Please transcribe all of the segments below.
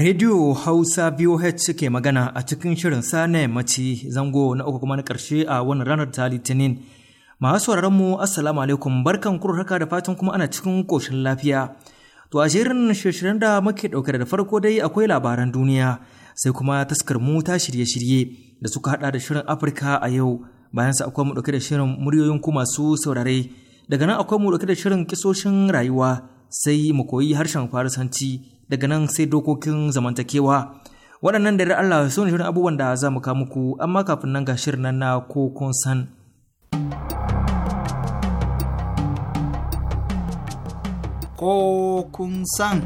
Radio Hausa VOH suke magana a cikin shirin sane mace zango na uku kuma na ƙarshe a wannan ranar ta Litinin. Masu sauraron mu Assalamu alaikum barkan kuro da fatan kuma ana cikin ƙoshin lafiya. To a shirin shirin da muke ɗauke da farko dai akwai labaran duniya sai kuma taskar mu ta shirye-shirye da suka haɗa da shirin Afirka a yau bayan sa akwai mu ɗauke da shirin muryoyin ku masu saurare daga nan akwai mu ɗauke da shirin kisoshin rayuwa sai mu koyi harshen Farisanci daga nan sai dokokin zamantakewa waɗannan da Allah su ne shirin abubuwan da za mu muku amma kafin nan ga shirin nan na ko kun san. Ko san.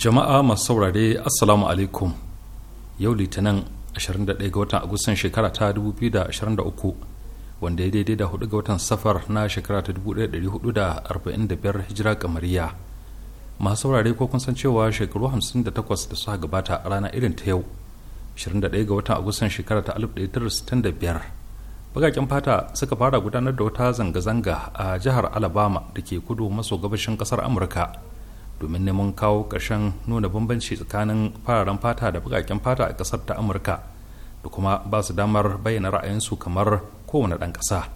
Jama'a masu saurare Assalamu alaikum yau Litinin 21 ga watan Agustan shekara ta 2023 wanda ya daidai da hudu ga watan safar na shekara ta 1445 hijira kamariya masu saurare ko kun san cewa shekaru 58 da suka gabata a rana irin ta yau 21 ga watan agustan shekara ta 1965 bagaken fata suka fara gudanar da wata zanga-zanga a jihar alabama da ke kudu maso gabashin kasar amurka domin neman kawo ƙarshen nuna bambanci tsakanin fararen fata da bagaken fata a kasar ta amurka da kuma ba su damar bayyana ra'ayinsu kamar kowane ɗan ƙasa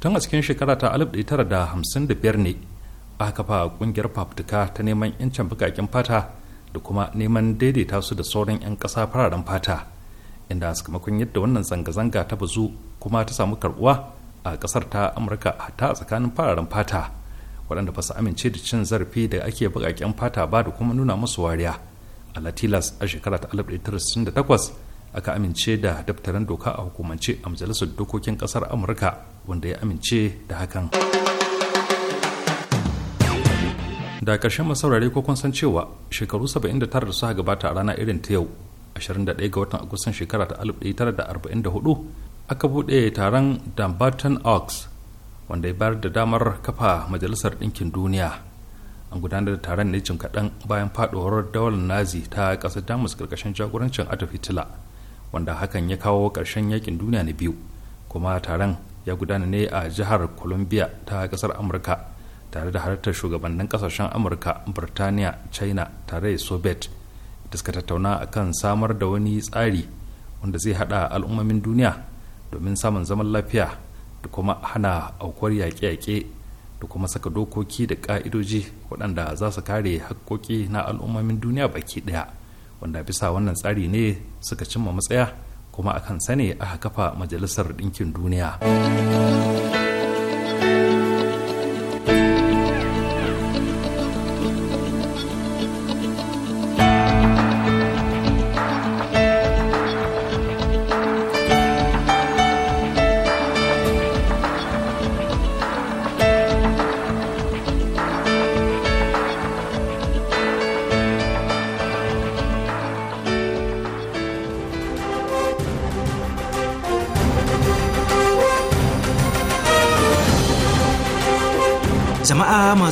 tun a cikin shekara ta 1955 ne aka kafa ƙungiyar fafutuka ta neman 'yancin bukakin fata da kuma neman daidaita su da sauran 'yan ƙasa fararen fata inda sakamakon yadda wannan zanga-zanga ta bazu kuma ta samu karbuwa a ƙasar ta amurka hatta tsakanin fararen fata waɗanda ba su amince da cin zarafi da ake bukakin fata ba da kuma nuna musu wariya a latilas a shekara ta 1968 aka amince da daftarin doka a hukumance a majalisar dokokin kasar amurka wanda ya amince da hakan da ƙarshen masaurare ko kun san cewa shekaru 79 da suka gabata a rana irin ta yau 21 ga watan agustan shekara ta 1944 aka buɗe taron dambarton oaks wanda ya bayar da damar kafa majalisar ɗinkin duniya an gudanar da taron ne jin kaɗan bayan faɗuwar daular nazi ta ƙasar damus ƙarƙashin jagorancin adolf hitler wanda hakan ya kawo ƙarshen yakin duniya na biyu kuma taron ya gudana ne a jihar columbia ta ƙasar amurka tare da halartar shugabannin ƙasashen amurka burtaniya china tare da soviet da suka tattauna kan samar da wani tsari wanda zai hada al'ummomin duniya domin samun zaman lafiya da kuma hana aukuwar yaƙe-yaƙe da kuma saka dokoki da ƙa'idoji waɗanda za su kare haƙƙoƙi na al'ummomin duniya baki ɗaya. wanda bisa wannan tsari ne suka cimma matsaya kuma akan sani aka kafa majalisar ɗinkin duniya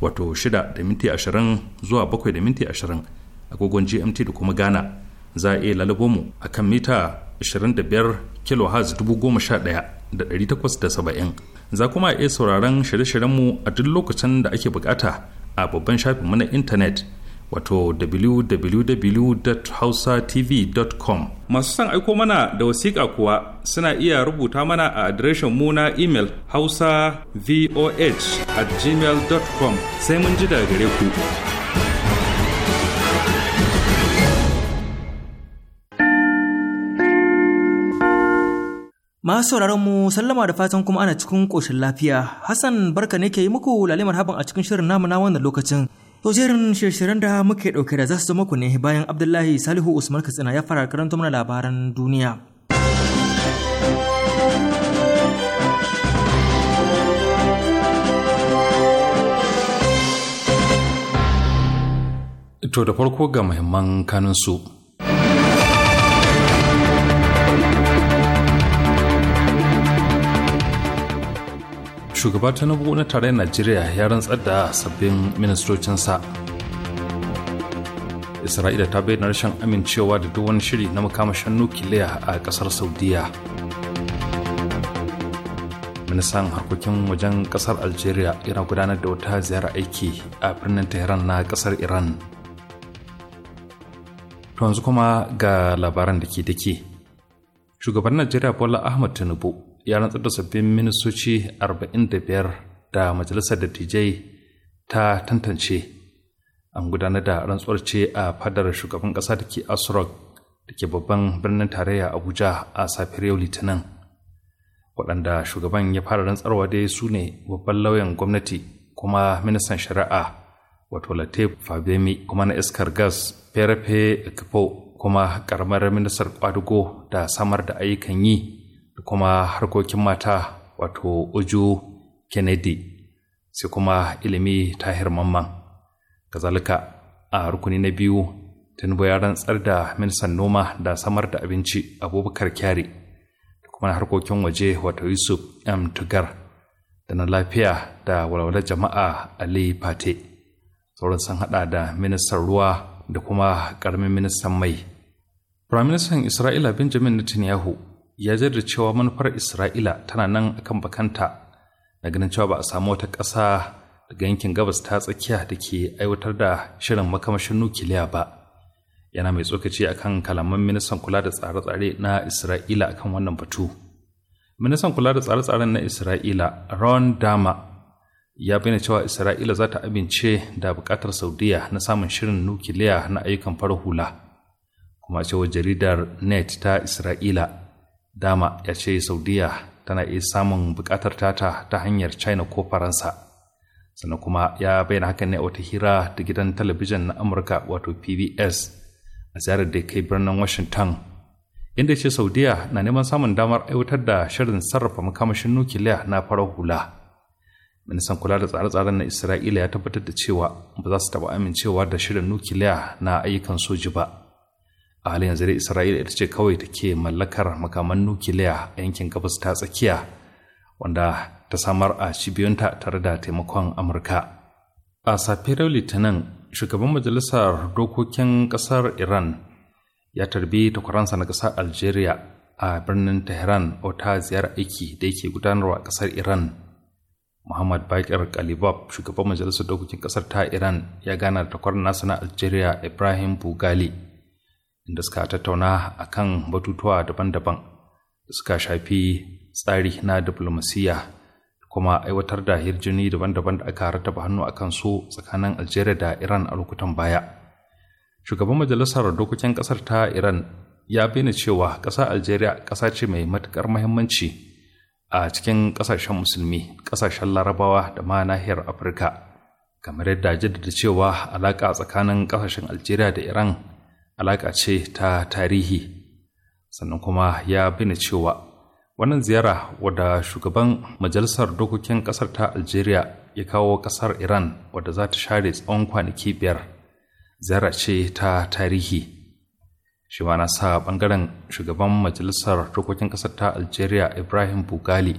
wato 6 da minti 20 zuwa 7 da minti 20 agogon gmt da kuma ghana za a iya lalubo mu a kan mita 25 kilohertz 11870 za kuma iya sauraron shirye-shiryenmu a duk lokacin da ake bukata a babban shafinmu na intanet wato www.hausatv.com masu son aiko mana da wasiƙa kuwa suna iya rubuta mana a adireshin mu na imel hausa voh at gmail.com sai mun ji daga gare ku masu sauraron mu sallama da fatan kuma ana cikin ƙoshin lafiya hassan barka ne ke yi muku lalimar haban a cikin shirin namu na wannan lokacin To jerin shirshirin da muke ɗauke da za su zama ne bayan Abdullahi Salihu Usman Katsina ya fara karanta mana labaran duniya. To da farko ga muhimman kanunsu. shugaba tinubu na tarayyar najeriya ya rantsar da sabbin ministocinsa isra'ila ta bayyana rashin amincewa da duk wani shiri na makamashin nukiliya a kasar saudiya ministan harkokin wajen kasar algeria yana gudanar da wata ziyara aiki a birnin tehran na kasar iran yanzu kuma ga labaran da ke dake shugaban najeriya bola ahmad tinubu ya rantsar da sabbin ministoci 45 da majalisar dattijai ta tantance an gudanar da rantsuwar ce a fadar shugaban ƙasa da ke asrog da ke babban birnin tarayya abuja a safiyar yau litinin waɗanda shugaban ya fara rantsarwa dai su ne babban lauyan gwamnati kuma ministan shari'a wato latif fabemi kuma na iskar gas ferefe ekpo kuma karamar ministar kwadugo da samar da ayyukan yi da kuma harkokin mata wato uju kennedy sai kuma ilimi tahir mamman kazalika a rukuni na biyu tinubu ya rantsar da ministan noma da samar da abinci abubakar kyari da kuma harkokin waje wato yusuf m tugar da na lafiya da walwalar jama'a ali pate sauran sun hada da ministan ruwa da kuma karamin ministan mai Firaministan Isra'ila Benjamin Netanyahu ya da cewa manufar Isra'ila tana nan akan bakanta na ganin cewa ba a samu wata ƙasa daga yankin gabas ta tsakiya da ke aiwatar da shirin makamashin nukiliya ba. Yana mai tsokaci akan kalaman ministan kula da tsare-tsare na Isra'ila akan wannan batu. Ministan kula da tsare-tsaren na Isra'ila, Ron Dama, ya bayyana cewa Isra'ila za ta amince da buƙatar Saudiya na samun shirin nukiliya na ayyukan farar hula. Kuma cewa jaridar Net ta Isra'ila dama ya ce saudiya tana iya samun bukatar tata ta hanyar china ko faransa sannan kuma ya bayyana hakan ne a wata hira da gidan talabijin na amurka wato pbs a ziyarar da kai birnin washington inda ce saudiya na neman samun damar aiwatar da shirin sarrafa makamashin nukiliya na farar hula ministan kula da tsare-tsaren na isra'ila ya tabbatar da cewa ba za su taɓa amincewa da shirin nukiliya na ayyukan soji ba a halin yanzu dai isra'ila ita ce kawai take mallakar makaman nukiliya a yankin gabas ta tsakiya wanda ta samar a cibiyunta tare da taimakon amurka a safiyar litinin shugaban majalisar dokokin kasar iran ya tarbi takwaransa na kasar algeria a birnin tehran wata ziyar aiki da yake gudanarwa a kasar iran muhammad bakir kalibab shugaban majalisar dokokin kasar ta iran ya gana da takwarar nasa na algeria ibrahim bugali inda suka tattauna a kan batutuwa daban-daban da suka shafi tsari na diplomasiya da kuma aiwatar da hirjini daban-daban da aka rataba hannu a kan su tsakanin algeria da iran a lokutan baya shugaban majalisar dokokin ƙasar ta iran ya bayyana cewa ƙasa algeria ƙasa ce mai matuƙar muhimmanci a cikin ƙasashen musulmi ƙasashen larabawa da ma nahiyar afirka kamar yadda jaddada cewa alaƙa tsakanin ƙasashen algeria da iran alaƙa ce ta tarihi sannan kuma ya bina cewa wannan ziyara wadda shugaban majalisar dokokin ƙasar ta algeria ya kawo ƙasar iran wadda za ta share tsawon kwanaki biyar ziyara ce ta tarihi shi ma na sa ɓangaren shugaban majalisar dokokin ƙasar ta algeria ibrahim bugali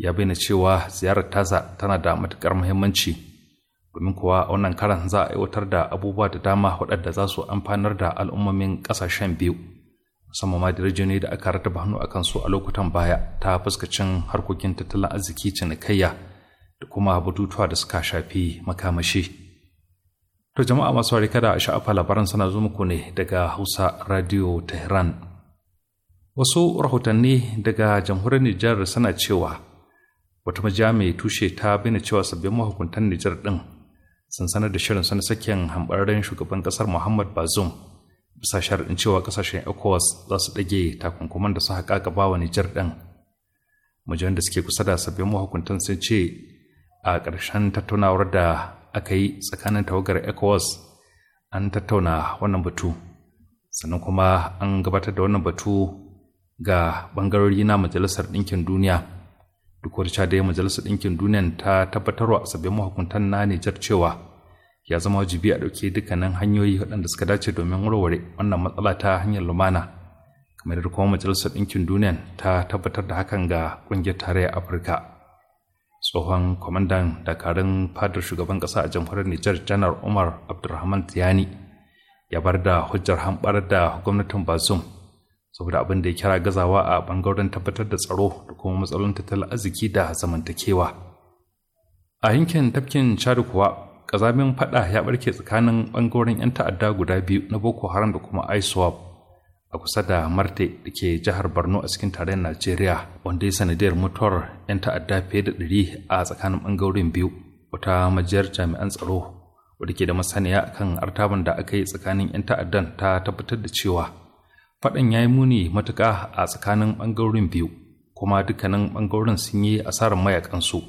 ya bayyana cewa ziyarar Taza tana da matuƙar muhimmanci domin kuwa a wannan karan za a aiwatar da abubuwa da dama waɗanda za su amfanar da al'ummomin ƙasashen biyu musamman ma ne da aka rataba hannu akan su a lokutan baya ta fuskacin harkokin tattalin arziki cinikayya da kuma batutuwa da suka shafi makamashi. To jama'a masu kada a sha'afa labaran sana zo muku ne daga Hausa Radio Tehran. Wasu rahotanni daga jamhuriyar Nijar suna cewa wata majiya mai tushe ta bina cewa sabbin mahukuntan Nijar din. sun sanar da shirin sani sakin hambararren shugaban kasar muhammad bazoum bisa sharaɗin cewa ƙasashen ecowas za su ɗage takunkuman da su suka gaba wa nijar ɗin mujan da suke kusa da sabbin mahukuntan sun ce a ƙarshen tattaunawar da aka yi tsakanin tawagar ecowas an tattauna wannan batu sannan kuma an gabatar da wannan batu ga bangarori na majalisar ɗinkin duniya duk wata dai majalisar ɗinkin duniya ta tabbatarwa sabbin mahukuntan na nijar cewa ya zama wajibi a ɗauki dukkanin hanyoyi waɗanda suka dace domin warware wannan matsala ta hanyar lumana kamar da kuma majalisar ɗinkin duniya ta tabbatar da hakan ga ƙungiyar tarayyar afirka tsohon kwamandan dakarun fadar shugaban ƙasa a jamhuriyar nijar janar umar abdulrahman tiyani ya bar da hujjar hamɓar da gwamnatin Bazoum saboda abin da ya kira gazawa a bangaren tabbatar da tsaro da kuma matsalolin tattalin arziki da zamantakewa a yankin tafkin chad kuwa kazamin faɗa ya barke tsakanin bangaren 'yan ta'adda guda biyu na boko haram da kuma iswap a kusa da marte da ke jihar borno a cikin tarayyar najeriya wanda ya sanadiyar mutuwar 'yan ta'adda fiye da ɗari a tsakanin bangaren biyu wata majiyar jami'an tsaro wadda ke da masaniya kan artaban da aka yi tsakanin 'yan ta'addan ta tabbatar da cewa faɗan ya yi muni matuƙa a tsakanin ɓangarorin biyu kuma dukkanin ɓangarorin sun yi asarar mayakansu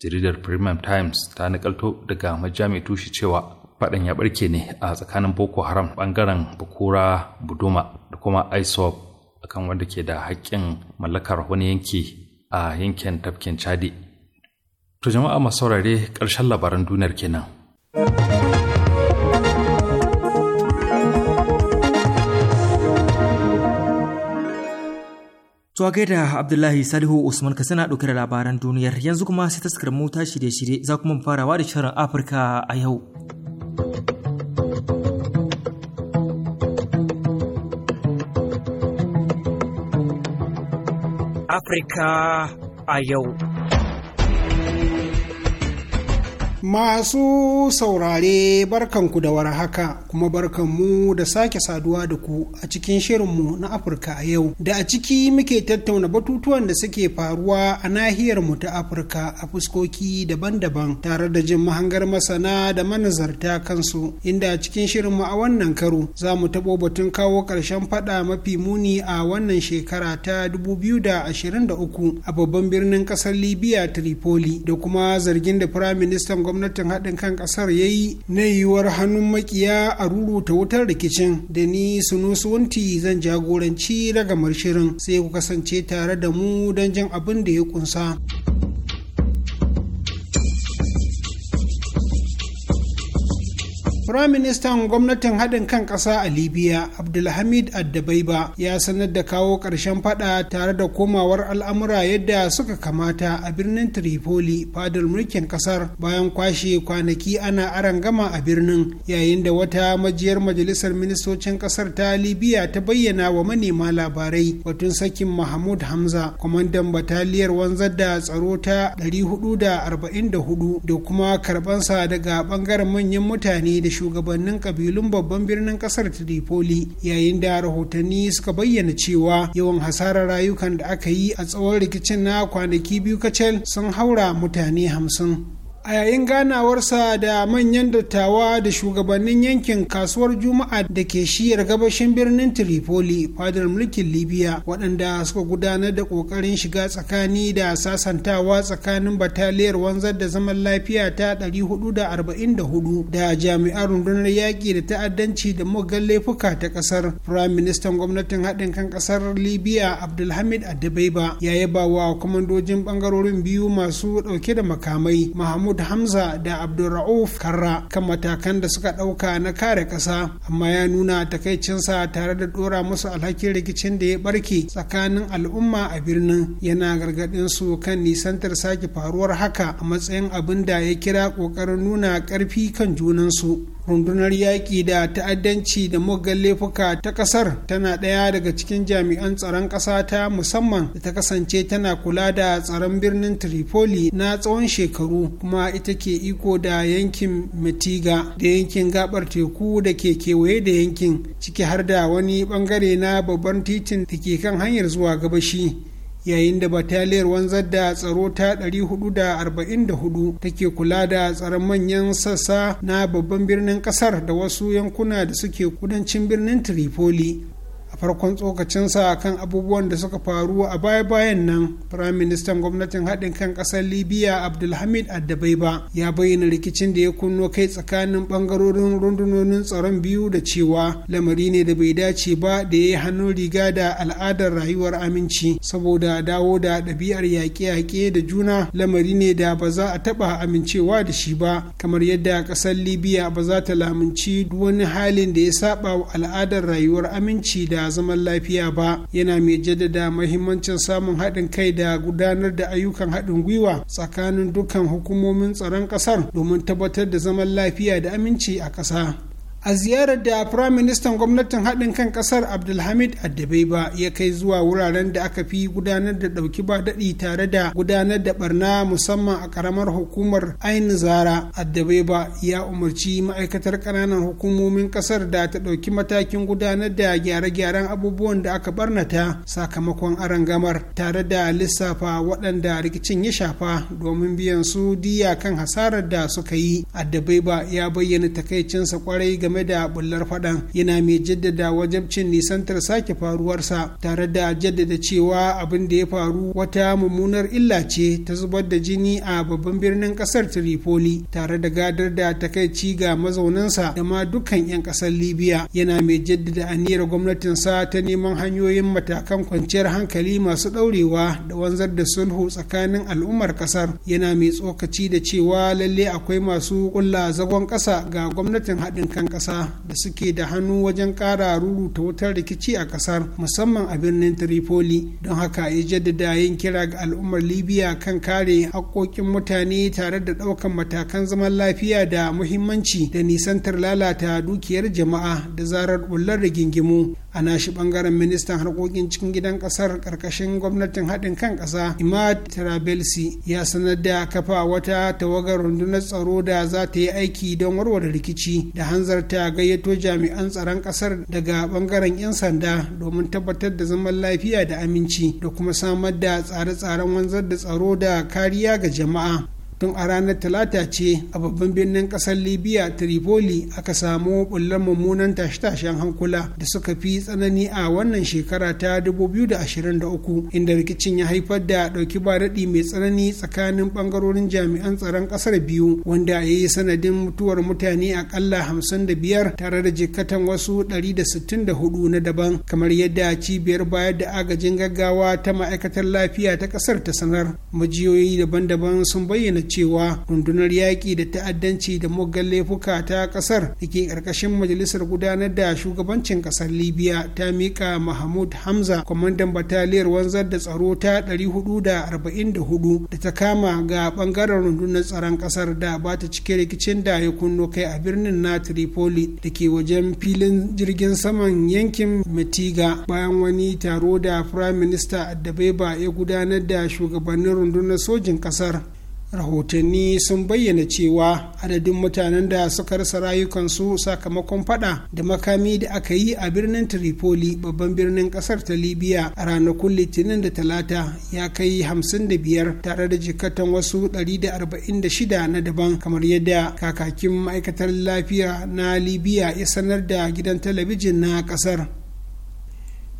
jaridar premium times ta nakalto daga majami tushe cewa faɗan ya ɓarke ne a tsakanin boko haram ɓangaren bukura buduma da kuma isop akan wanda ke da haƙƙin mallakar wani yanki a yankin tafkin chadi to jama'a masu saurare ƙarshen labaran duniyar kenan. To da Abdullahi Salihu Usman ka suna ɗauke da labaran duniyar yanzu kuma sai taskar mota shirye-shirye za kuma farawa da shirin Afirka a yau. Afirka a yau. Masu saurare barkanku da war haka kuma barkanmu da sake saduwa da ku a cikin shirinmu na Afirka a yau da a ciki muke tattauna batutuwan da suke faruwa a nahiyar mu ta Afirka a fuskoki daban-daban tare da jin mahangar masana da manazarta kansu inda a cikin shirinmu a wannan karo za mu tabo batun kawo ƙarshen faɗa mafi muni a wannan shekara ta 2023 a babban birnin ƙasar Libya Tripoli da kuma zargin da Firaministan gwamnatin haɗin kan ƙasar ya yi na yiwuwar hannun makiya a ruruta wutar rikicin da ni sunusunti zan jagoranci ragamar shirin sai ku kasance tare da mu don jin abin da ya kunsa. Firaministan gwamnatin haɗin kan ƙasa a Libya, Abdulhamid Addabaiba, ya sanar da kawo ƙarshen faɗa tare da komawar al'amura yadda suka kamata a birnin Tripoli, fadar mulkin ƙasar bayan kwashe kwanaki ana gama a birnin, yayin da wata majiyar majalisar ministocin ƙasar ta Libya ta bayyana wa manema labarai batun sakin Mahmud Hamza, kwamandan bataliyar wanzar da tsaro ta 444 da kuma karɓansa daga ɓangaren manyan mutane da shugabannin kabilun babban birnin kasar tripoli yayin da rahotanni suka bayyana cewa yawan hasarar rayukan da aka yi a tsawon rikicin na kwanaki biyu kacal sun haura mutane hamsin a yayin ganawarsa da manyan dattawa da shugabannin yankin kasuwar juma'a da ke shiyar gabashin birnin tripoli fadar mulkin libya waɗanda suka gudanar da ƙoƙarin shiga tsakani da sasantawa tsakanin bataliyar wanzar da zaman lafiya ta 444 da jami'ar rundunar yaƙi da ta'addanci da muggan laifuka ta ƙasar firayim ministan gwamnatin haɗin kan ƙasar libya abdulhamid adabaiba ya yaba wa kwamandojin ɓangarorin biyu masu ɗauke da makamai mahamud mahmud hamza da abdulra'uf karra kan matakan da suka ɗauka na kare ƙasa amma ya nuna takaicinsa tare da ɗora musu alhakin rikicin da ya barke tsakanin al'umma a birnin yana gargaɗin su kan nisantar sake faruwar haka a matsayin abin da ya kira ƙoƙarin nuna ƙarfi kan junansu rundunar yaƙi da ta'addanci da muggan laifuka ta ƙasar tana ɗaya daga cikin jami'an tsaron ƙasa ta musamman da ta kasance tana kula da tsaron birnin tripoli na tsawon shekaru kuma ita ke iko da yankin matiga da yankin gabar teku da ke kewaye da yankin ciki har da wani bangare na babban titin da ke kan hanyar zuwa gabashi yayin da bataliyar wanzar da tsaro ta 444 take kula da tsaron manyan sassa na babban birnin kasar da wasu yankuna da suke kudancin birnin tripoli farkon tsokacinsa kan abubuwan da suka faru a baya-bayan nan firaministan gwamnatin haɗin kan ƙasar libya abdulhamid addabai ba ya bayyana rikicin da ya kunno kai tsakanin ɓangarorin rundunonin tsaron biyu da cewa lamari ne da bai dace ba da ya yi hannun riga da al'adar rayuwar aminci saboda dawo da ɗabi'ar yaƙe-yaƙe da juna lamari ne da ba za a taɓa amincewa da shi ba kamar yadda ƙasar libya ba za ta lamunci duk wani halin da ya saɓa wa al'adar rayuwar aminci da zaman lafiya ba yana mai jaddada mahimmancin samun haɗin kai da gudanar da ayyukan haɗin gwiwa tsakanin dukkan hukumomin tsaron ƙasar domin tabbatar da zaman lafiya da aminci a ƙasa a ziyarar da firaministan gwamnatin haɗin kan ƙasar abdulhamid addabaiba ya kai zuwa wuraren da aka fi gudanar da ɗauki ba daɗi tare da gudanar da ɓarna musamman a ƙaramar hukumar ain zara addabaiba ya umarci ma'aikatar ƙananan hukumomin ƙasar da ta ɗauki matakin gudanar da gyare-gyaren abubuwan da aka barnata sakamakon arangamar tare da lissafa waɗanda rikicin ya shafa domin biyan su diya kan hasarar da suka yi addabaiba ya bayyana takaicinsa kwarai game game da bullar fadan yana mai jaddada wajabcin nisantar sake faruwarsa tare da jaddada cewa abin da ya faru wata mummunar illa ce ta zubar da jini a babban birnin kasar Tripoli tare da gadar da takaici ga mazaunansa da ma dukkan 'yan kasar Libya yana mai jaddada aniyar sa ta neman hanyoyin matakan kwanciyar hankali masu ɗaurewa da wanzar da sulhu tsakanin al'ummar ƙasar yana mai tsokaci da cewa lalle akwai masu ƙulla zagon ƙasa ga gwamnatin haɗin kan ƙasa kasa da suke da hannu wajen ƙara ruruta wutar rikici a ƙasar musamman a birnin Tripoli don haka ya jaddada yin kira ga al'ummar Libya kan kare haƙƙoƙin mutane tare da ɗaukan matakan zaman lafiya da muhimmanci da nisantar lalata dukiyar jama'a da zarar bullar rigingimu Ana shi bangaren ministan harkokin cikin gidan kasar karkashin gwamnatin haɗin kan ƙasa imad tarabelsi ya sanar da kafa wata tawagar rundunar tsaro da za ta yi aiki don warware rikici da hanzarta gayyato jami'an tsaron ƙasar daga bangaren 'yan sanda domin tabbatar da zaman lafiya da aminci da kuma samar da tsare-tsaren wanzar da tsaro da kariya ga jama'a tun a ranar talata ce a babban birnin kasar libya tripoli aka samu bullar mummunan tashe-tashen hankula da suka fi tsanani a wannan shekara ta 2023 inda rikicin ya haifar da ɗauki ba mai tsanani tsakanin ɓangarorin jami'an tsaron ƙasar biyu wanda ya yi sanadin mutuwar mutane aƙalla 55 tare da jikkatan wasu 164 na daban kamar yadda cibiyar bayar da agajin gaggawa ta ma'aikatar lafiya ta ƙasar ta sanar majiyoyi daban-daban sun bayyana cewa rundunar yaƙi da ta'addanci da muggan laifuka ta ƙasar da ke ƙarƙashin majalisar gudanar da shugabancin ƙasar libya ta miƙa mahmud hamza kwamandan bataliyar wanzar da tsaro ta 444 da ta kama ga ɓangaren rundunar tsaron ƙasar da ba ta cike rikicin da ya kunno kai a birnin na tripoli da ke wajen filin jirgin saman yankin matiga bayan wani taro da firayim minista ba ya gudanar da shugabannin rundunar sojin ƙasar rahotanni sun bayyana cewa adadin mutanen da suka rasa rayukansu sakamakon fada da makami da aka yi a birnin tripoli babban birnin kasar ta libya a ranakun litinin da talata ya kai hamsin da biyar tare da jikatan wasu da da arba'in shida na daban kamar yadda kakakin ma'aikatar lafiya na libya ya sanar da gidan talabijin na kasar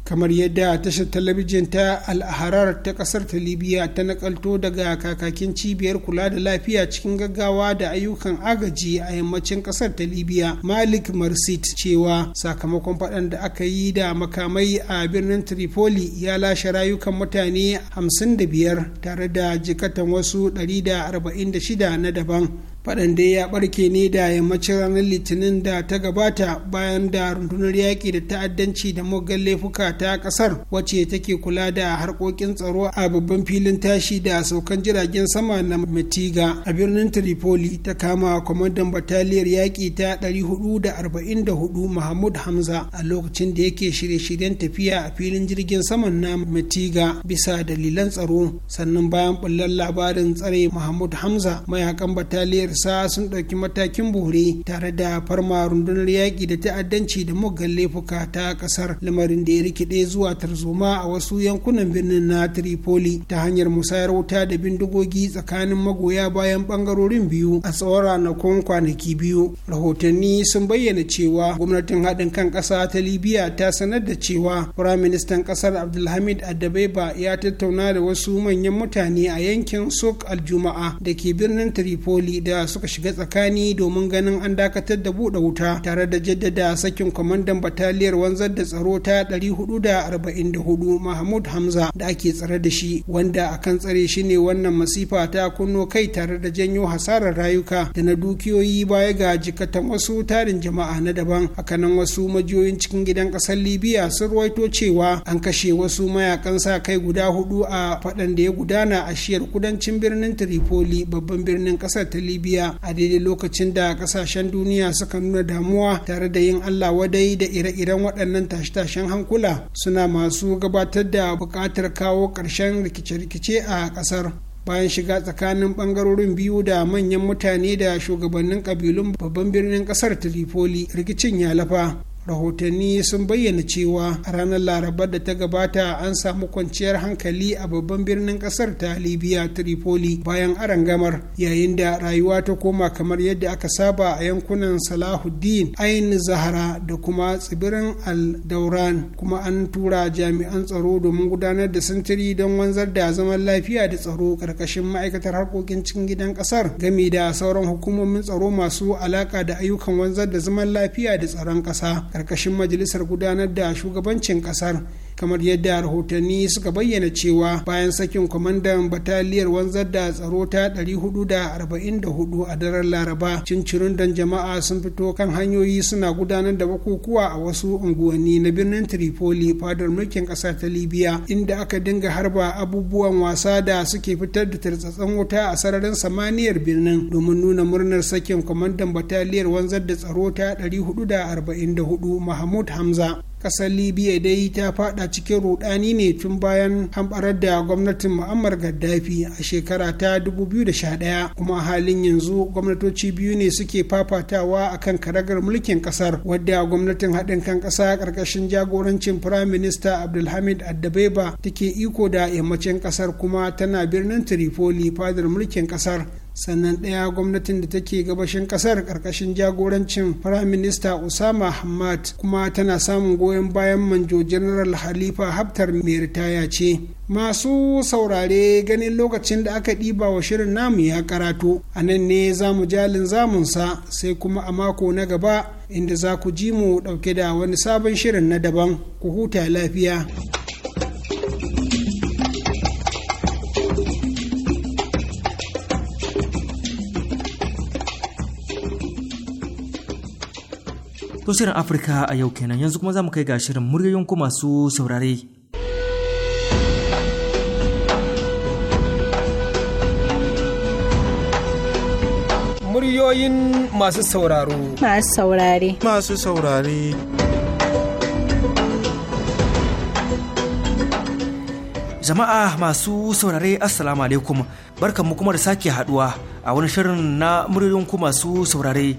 kamar yadda tashar talabijin ta al'aharar ta kasar ta libya ta nakalto daga kakakin cibiyar kula da lafiya cikin gaggawa da ayyukan agaji a yammacin kasar ta libya malik marsit cewa sakamakon faɗan da aka yi da makamai a birnin tripoli ya lashe rayukan mutane 55 tare da jikatan wasu 146 na daban faɗan dai ya ɓarke ne da yammacin ranar litinin da ta gabata bayan da rundunar yaƙi da ta'addanci da muggan laifuka ta ƙasar wacce take kula da harkokin tsaro a babban filin tashi da saukan jiragen sama na matiga a birnin tripoli ta kama kwamandan bataliyar yaƙi ta 444 mahmud hamza a lokacin da yake shirye-shiryen tafiya a filin jirgin saman na matiga bisa dalilan tsaro sannan bayan ɓullar labarin tsare mahmud hamza mayakan bataliyar ƙasa sun ɗauki matakin bore tare da farma rundunar yaƙi da ta'addanci da muggan laifuka ta ƙasar lamarin da ya rikide zuwa tarzoma a wasu yankunan birnin na tripoli ta hanyar musayar wuta da bindigogi tsakanin magoya bayan ɓangarorin biyu a tsawon ranakun kwanaki biyu rahotanni sun bayyana cewa gwamnatin haɗin kan ƙasa ta libya ta sanar da cewa firaministan ƙasar abdulhamid adabaiba ya tattauna da wasu manyan mutane a yankin suk aljuma'a da ke birnin tripoli da suka shiga tsakani domin ganin an dakatar da buɗe wuta tare da jaddada sakin kwamandan bataliyar wanzar da tsaro ta 444 mahmud hamza da ake tsare da shi wanda akan tsare shi ne wannan masifa ta kunno kai tare da janyo hasarar rayuka da na dukiyoyi baya ga jikatan wasu tarin jama'a na daban hakanan wasu majiyoyin cikin gidan ƙasar libya sun ruwaito cewa an kashe wasu mayakan sa kai guda hudu a faɗan da ya gudana a shiyar kudancin birnin tripoli babban birnin kasar ta libya libya a daidai lokacin da kasashen duniya suka nuna damuwa tare da yin allah wadai da ire-iren waɗannan tashe-tashen hankula suna masu gabatar da buƙatar kawo ƙarshen rikice-rikice a ƙasar bayan shiga tsakanin ɓangarorin biyu da manyan mutane da shugabannin ƙabilun babban birnin ƙasar tripoli rikicin ya lafa rahotanni sun bayyana cewa a ranar larabar da ta gabata an samu kwanciyar hankali a babban birnin kasar ta libya tripoli bayan arangamar yayin da rayuwa ta koma kamar yadda aka saba a yankunan salahuddin ain zahara da kuma tsibirin al-dauran kuma an tura jami'an tsaro domin gudanar da sintiri don wanzar da zaman lafiya da tsaro karkashin ma'aikatar harkokin cikin gidan kasar gami da sauran hukumomin tsaro masu alaka da ayyukan wanzar da zaman lafiya da tsaron kasa ƙarƙashin majalisar gudanar da shugabancin ƙasar kamar yadda rahotanni suka bayyana cewa bayan sakin kwamandan bataliyar wanzar da tsaro ta 444 a daren laraba cincirin don jama'a sun fito kan hanyoyi suna gudanar da bukukuwa a wasu unguwanni na birnin tripoli fadar mulkin ƙasa ta libya inda aka dinga harba abubuwan wasa da suke fitar da tartsatsen wuta a sararin samaniyar birnin domin nuna murnar sakin kwamandan bataliyar wanzar da tsaro ta 444 mahmud hamza kasar libya dai ta fada cikin rudani ne tun bayan hamɓarar da gwamnatin mu'ammar gaddafi a shekara ta 2011 kuma halin yanzu gwamnatoci biyu ne suke fafatawa akan karagar mulkin kasar wadda gwamnatin haɗin kan ƙasa ƙarƙashin jagorancin firayim minista abdulhamid addabeba take iko da yammacin ƙasar kuma tana birnin tripoli fadar mulkin ƙasar. sannan ɗaya gwamnatin da take gabashin ƙasar ƙarƙashin jagorancin firaminista usama hamad kuma tana samun goyon bayan manjo general halifa haftar mai ritaya ce masu saurare ganin lokacin da aka ɗiba wa shirin namu ya karatu a nan ne za mu jalin zamunsa sai kuma a mako na gaba inda za ku ji mu ɗauke da wani sabon shirin na daban ku huta lafiya. To shirin Afirka a yau kenan yanzu kuma za mu kai ga shirin muryoyin ku masu saurare. Muryoyin masu sauraro. Masu saurare. Masu saurare. Jama'a masu saurare Assalamu alaikum barkanmu kuma da sake haduwa a wani shirin na muryoyin ku masu saurare.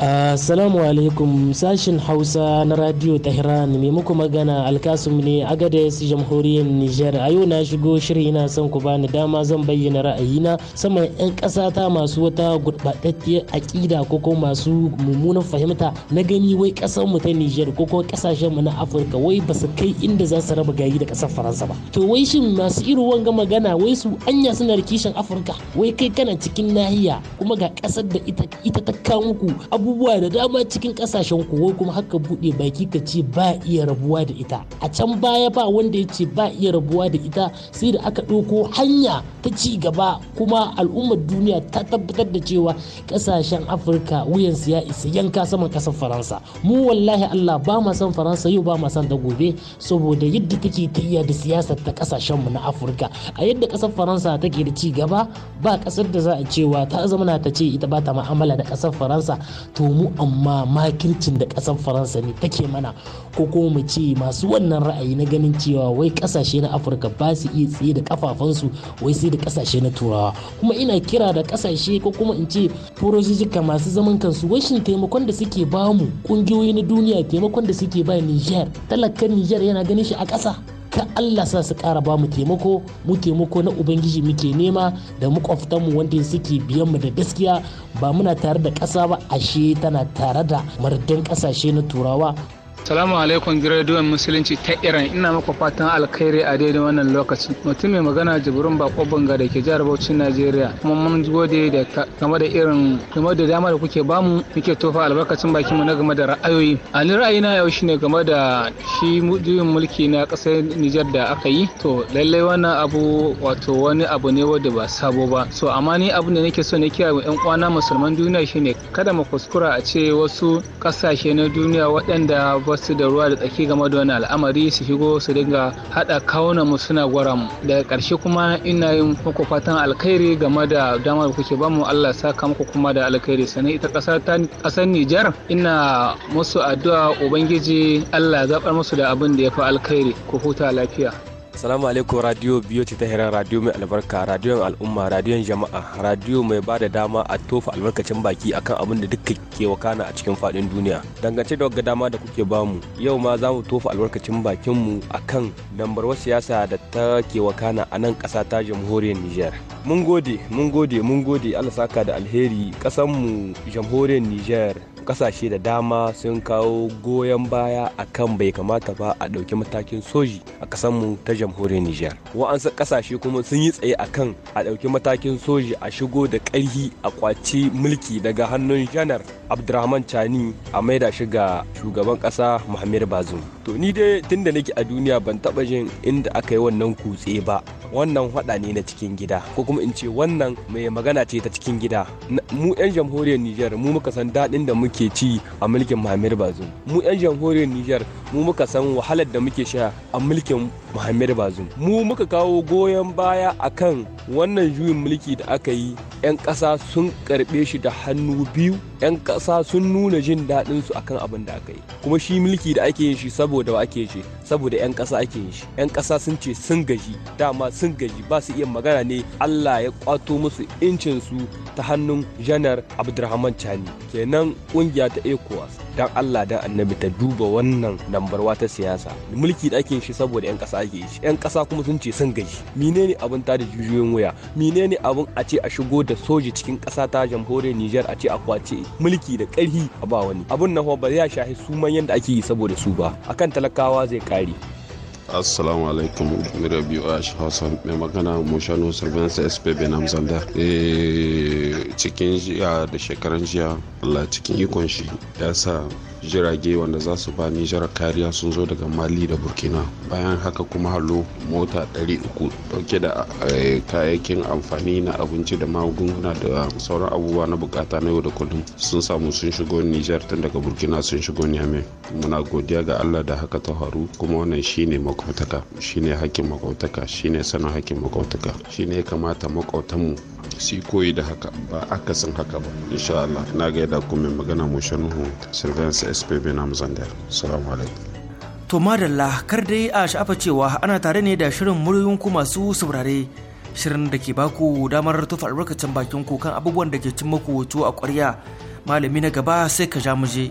Assalamu alaikum sashin Hausa na Radio Tehran mai muku magana alkasum ne Agades jamhuriyar Nijar a yau na shigo shirin ina son ku bani dama zan bayyana ra'ayina saman 'yan ƙasa ta masu wata gurɓatattiyar aƙida ko ko masu mummunan fahimta na gani wai ƙasar mu ta Nijar ko ko ƙasashen mu na Afirka wai ba su kai inda za su raba gayi da ƙasar Faransa ba to wai shin masu irin wanga magana wai su anya suna rikishin kishin Afirka wai kai kana cikin nahiya kuma ga ƙasar da ita ta kawo muku abubuwa da dama cikin kasashen ku kuma haka bude baki ka ce ba iya rabuwa da ita a can baya ba wanda ya ce ba iya rabuwa da ita sai da aka ɗauko hanya ta ci gaba kuma al'ummar duniya ta tabbatar da cewa kasashen afirka wuyansu ya isa yanka saman kasar faransa mu wallahi allah ba ma san faransa yau ba ma san da gobe saboda yadda take tayya da siyasar ta kasashen mu na afirka a yadda kasar faransa take da ci gaba ba kasar da za a cewa ta zamana ta ce ita ba ta ma'amala da kasar faransa to mu amma makircin da ƙasar faransa ne take mana ko kuma mu ce masu wannan ra'ayi na ganin cewa wai kasashe na afirka ba su iya tsaye da su wai sai da kasashe na turawa kuma ina kira da kasashe ko kuma in ce furojijika masu zaman kansu washin taimakon da suke bamu mu ƙungiyoyi na duniya taimakon da suke ba niger talakan niger yana ganin shi a kasa. ka Allah sa su kara ba mu taimako mu taimako na ubangiji muke nema da mu wanda suke biyan mu da gaskiya ba muna tare da ƙasa ba ashe tana tare da mardan ƙasashe na turawa Salamu alaikum giradiyon musulunci ta Iran ina maka fatan alkhairi a daidai wannan lokaci. Mutum mai magana jibrin bako banga da ke jihar Bauchi Najeriya kuma mun gode da game da irin game da dama da kuke bamu muke tofa albarkacin bakin mu na game da ra'ayoyi. A ni ra'ayina yau shine game da shi juyin mulki na ƙasar Nijar da aka yi to lallai wannan abu wato wani abu ne wanda ba sabo ba. So amma ni abin da nake so na kira wa 'yan uwana musulman duniya shine kada mu kuskura a ce wasu ƙasashe na duniya waɗanda Wasu da ruwa da tsaki game da wani al'amari su shigo su dinga haɗa kawunan mu suna gwara mu daga karshe kuma ina yin muku fatan alkhairi game da damar kuke bamu Allah saka muku kuma da alkhairi sannan ita kasar ta kasar Nijar ina musu addu'a ubangiji Allah zaɓar musu da abin da ya fi alkhairi ku huta lafiya. salamu alaikum radio biyo ta hira radio mai albarka radiyon al'umma radiyon jama'a radio mai ba da dama a tofa albarkacin baki akan abin da duka ke wakana a cikin fadin duniya dangance da wagga dama da kuke bamu yau ma za mu tofa albarkacin bakin mu akan wasu siyasa da ta ke wakana a nan kasa ta jamhuriyar Nijar mun gode mun gode mun gode Allah saka da alheri kasanmu mu jamhuriyar Nijar kasashe da dama sun kawo goyon baya a kan bai kamata ba a ɗauki matakin soji a kasanmu ta jamhuriyar Nijar. Wa'ansu kasashe kuma sun yi tsaye a kan a ɗauki matakin soji a shigo da ƙarhi a kwaci mulki daga hannun janar Abdurrahman Chani a maida shi ga shugaban ƙasa Muhammadu bazum To ni dai tunda nake a duniya ban taɓa jin inda aka yi wannan kutse ba. Wannan haɗa ne na cikin gida ko kuma in ce wannan mai magana ce ta cikin gida. Mu 'yan jamhuriyar Nijar mu muka san daɗin da muke ke ci a mulkin Muhammadu Bazum mu yan jamhuriyar Nijar mu muka san wahalar da muke sha a mulkin Muhammadu Bazum mu muka kawo goyon baya akan wannan juyin mulki da aka yi yan ƙasa sun karɓe shi da hannu biyu 'yan ƙasa sun nuna jin daɗin su akan abin da aka yi kuma shi mulki da ake yin shi saboda ake shi saboda 'yan ƙasa ake yin shi 'yan ƙasa sun ce sun gaji dama sun gaji ba su iya magana ne Allah ya kwato musu incin su ta hannun janar Abdulrahman Chani kenan ƙungiya ta ECOWAS dan Allah dan annabi ta duba wannan lambarwa ta siyasa mulki da ake shi saboda yan kasa ake shi yan kasa kuma sun ce sun gaji menene abin ta da jujuyoyin waya menene abun a ce a shigo da soji cikin kasa ta jamhuriyar Niger a ce a kwace mulki da karhi a ba wani abun nan ba zai shahi suman yanda ake yi saboda su ba akan talakawa zai kare assalamu alaikum mira biyu a hausa mai magana moshano surveillance spb na zanda eh, cikin jiya da shekaran jiya allah cikin ikon shi ya sa jirage wanda za su ba nijar kariya sun zo daga mali da burkina bayan haka kuma halo mota 300 dauke da eh, kayayyakin amfani na abinci da magunguna da sauran abubuwa na bukata na yau da kullum sun samu sun shigo nijar tun daga burkina sun shigo niamey muna godiya ga allah da haka ta faru kuma wannan shine makwautaka shine hakkin makwautaka shine sanin hakkin makwautaka shine ya kamata makwabtanmu Si koyi da haka ba akasin haka ba insha allah na gaida ku mai magana mu shanuhu sylvain spb na muzandar salamu alaikum to madalla kar dai a sha'afa cewa ana tare ne da shirin muryoyin ku masu saurare shirin da ke baku damar tufa albarkacin bakin ku kan abubuwan da ke cin muku tuwo a ƙwarya malami na gaba sai ka ja muje.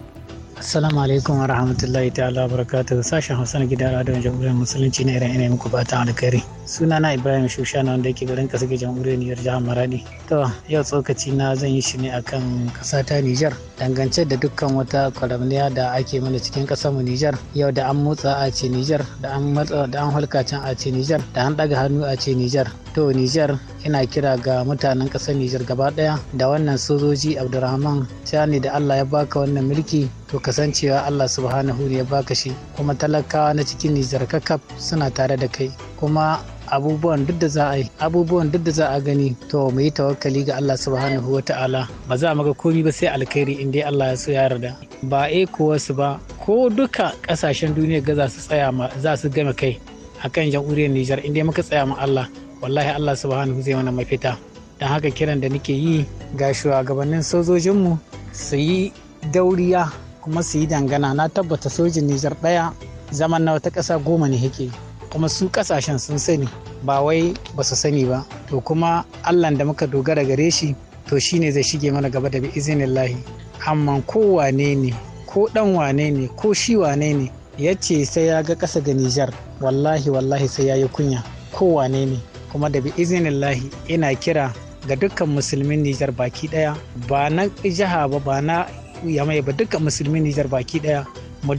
Assalamu alaikum wa rahmatullahi ta'ala barakatuh sashen Hausa na gidan Radio jamhuriyar musulunci na irin ina muku ta alkhairi. Suna na ibrahim shushana wanda yake garin kasar jamhuriyar niyyar jihar maradi to yau tsokaci na zan yi shi ne akan kasa ta nijar dangance da dukkan wata kwaramniya da ake mana cikin kasar mu nijar yau da an motsa a ce nijar da an matsa da an hulka can a ce nijar da an daga hannu a ce niger to nijar ina kira ga mutanen kasar nijar gaba daya da wannan sojoji abdurrahman tani da allah ya baka wannan mulki to kasancewa Allah subhanahu ne ya baka shi kuma talakawa na cikin Nijar kakaf suna tare da kai kuma abubuwan duk da za a yi abubuwan duk da za a gani to mu yi tawakkali ga Allah subhanahu wata'ala ba za a ga komi ba sai alkhairi inda Allah ya so ya yarda ba wasu ba ko duka kasashen duniya ga za su tsaya ma za su gama kai akan jamhuriyar Nijar Inda muka tsaya ma Allah wallahi Allah subhanahu zai mana mafita dan haka kiran da nake yi ga shugabannin sojojinmu su yi dauriya kuma su yi dangana na tabbata sojin nijar ɗaya zaman na wata ƙasa goma ne yake kuma su ƙasashen sun sani ba wai ba su sani ba to kuma allah da muka dogara gare shi to shine zai shige mana gaba da bi izinin lahi amma ko wane ne ko ɗan wane ne ko shi wane ne ya ce sai ya ga ƙasa da Nijar wallahi wallahi sai ya yi kunya wane ne kuma da bi lahi, ina kira ga dukkan musulmin Nijar baki ɗaya ba na jiha ba ba na ya maye ba dukkan musulmi Nijar baki ɗaya. mu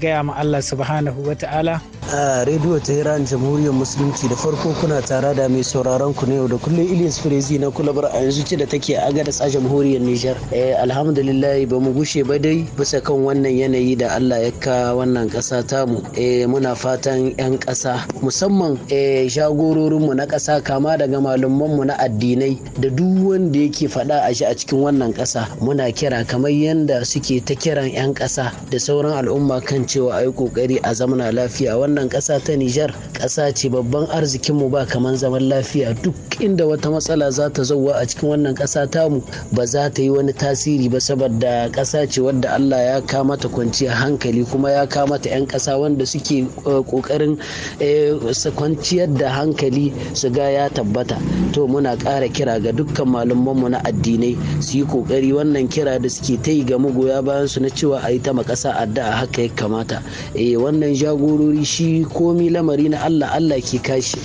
gaya ma Allah subhanahu wa ta'ala. A rediyo ta Iran Jamhuriyar Musulunci da farko kuna tara da mai sauraron ku ne da kullum Ilyas Firezi na kulabar a yanzu ce da take gada a Jamhuriyar Nijar. Eh, alhamdulillah ba mu gushe ba dai bisa kan wannan yanayi da Allah ya ka wannan ƙasa tamu. Eh, muna fatan 'yan ƙasa musamman eh, mu na kasa kama daga mu na addinai da duk wanda yake faɗa a shi a cikin wannan ƙasa muna kira kamar yadda suke ta kiran 'yan ƙasa da sauran al'umma kan cewa ai kokari a zamana lafiya wannan ƙasa ta Nijar ƙasa ce babban arzikin mu ba kaman zaman lafiya duk inda wata matsala za ta zauwa a cikin wannan ƙasa ta mu ba za ta yi wani tasiri ba saboda ƙasa ce wadda Allah ya kamata kwanciyar hankali kuma ya kamata 'yan ƙasa wanda suke kokarin eh, eh, kwanciyar da hankali su ga ya tabbata to muna ƙara kira ga dukkan malumanmu na addinai su yi kokari wannan kira da suke ta yi ga magoya bayan su na cewa a yi ta makasa addu'a haka ya kamata eh wannan jagorori shi komi lamari na Allah Allah ke kashi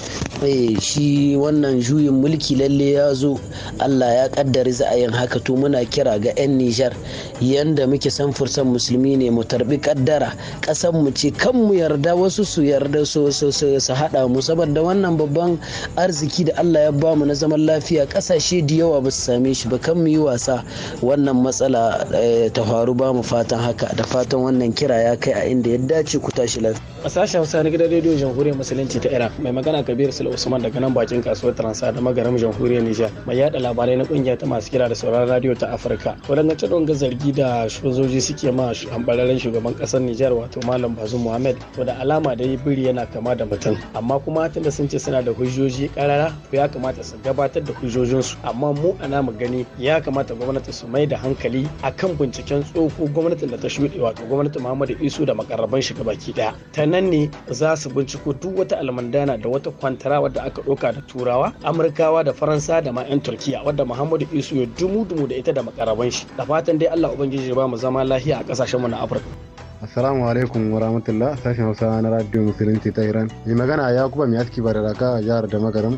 eh, shi wannan juyin mulki lalle ya zo Allah ya kaddari za a yin haka to muna kira ga 'yan Nijar yanda muke san fursan musulmi ne mu tarbi kaddara kasan mu ce kan mu yarda wasu su yarda su su hada mu saboda wannan babban arziki da Allah ya bamu na zaman lafiya kasashe da yawa ba su same shi ba kan mu yi wasa wannan matsala eh, ta faru ba mu fatan haka da fatan wannan kira ya kai a inda ya dace ku tashi lafiya. A sashen Hausa na gidan rediyo Jamhuriyar Musulunci ta ira mai magana Kabir Sule Usman daga nan bakin kasuwar Transa da magaram Jamhuriyar Nijar mai yada labarai na kungiyar ta masu kira da sauran radio ta Afirka. Wadannan ta ga zargi da sojoji suke ma ambararren shugaban kasar Nijar wato Malam Bazoum Muhammad to da alama da yi biri yana kama da mutum amma kuma da sun ce suna da hujjoji karara to ya kamata su gabatar da hujjojinsu amma mu ana mu gani ya kamata gwamnati su mai da hankali akan binciken tsoho gwamnatin da ta shuɗe wato gwamnatin muhammadu isu da makarraban shi baki daya ta nan ne za su binciko duk wata almandana da wata kwantara wadda aka ɗauka da turawa amurkawa da faransa da ma 'yan turkiya wadda muhammadu isu ya dumu dumu da ita da makarraban shi da fatan dai allah ubangiji ya ba mu zama lahiya a kasashen mu na afirka Assalamu alaikum wa rahmatullah sashen Hausa na Radio Musulunci ta Iran. Mai magana ya kuba mai aski bare raka a jihar da magaram.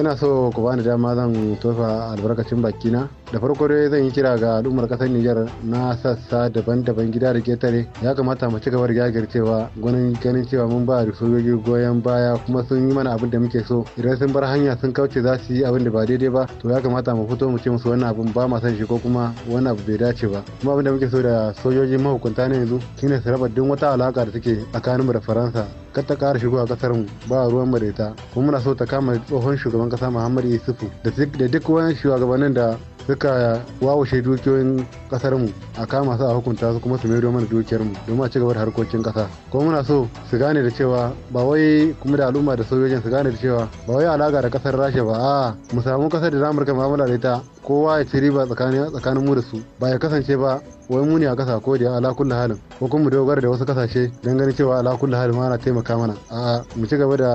ina so ku bani dama zan tofa albarkacin na Da farko dai zan yi kira ga al'ummar kasar Nijar na sassa daban-daban gida da ketare. Ya kamata mu ci gaba da jajircewa gwanin ganin cewa mun ba da sojoji goyon baya kuma sun yi mana abin da muke so. Idan sun bar hanya sun kauce za su yi abin da ba daidai ba to ya kamata mu fito mu ce musu wannan abin ba ma san shi ko kuma wannan abu bai dace ba. Kuma abin da muke so da sojoji mahukunta ne yanzu shine sarabar duk wata alaka da take tsakanin da faransa kar ta kara shigo a ƙasar mu ba ruwan mu da ita kuma muna so ta kama tsohon shugaban kasa muhammadu yusufu da duk wani shugabannin da suka wawashe dukiyoyin kasar mu a kama su a hukunta su kuma su mai mana dukiyar mu domin a ci gaba da harkokin kasa kuma muna so su gane da cewa ba wai kuma da al'umma da sojojin su gane da cewa ba wai alaka da kasar rasha ba a mu samu kasar da zamu rika mu'amala da ita kowa ya ci riba tsakanin mu da su ba ya kasance ba wai muni a kasa ko da ala kullu halin ko kuma mu dogara da wasu kasashe don ganin cewa ala kullu halin ma ana taimaka mana a mu ci gaba da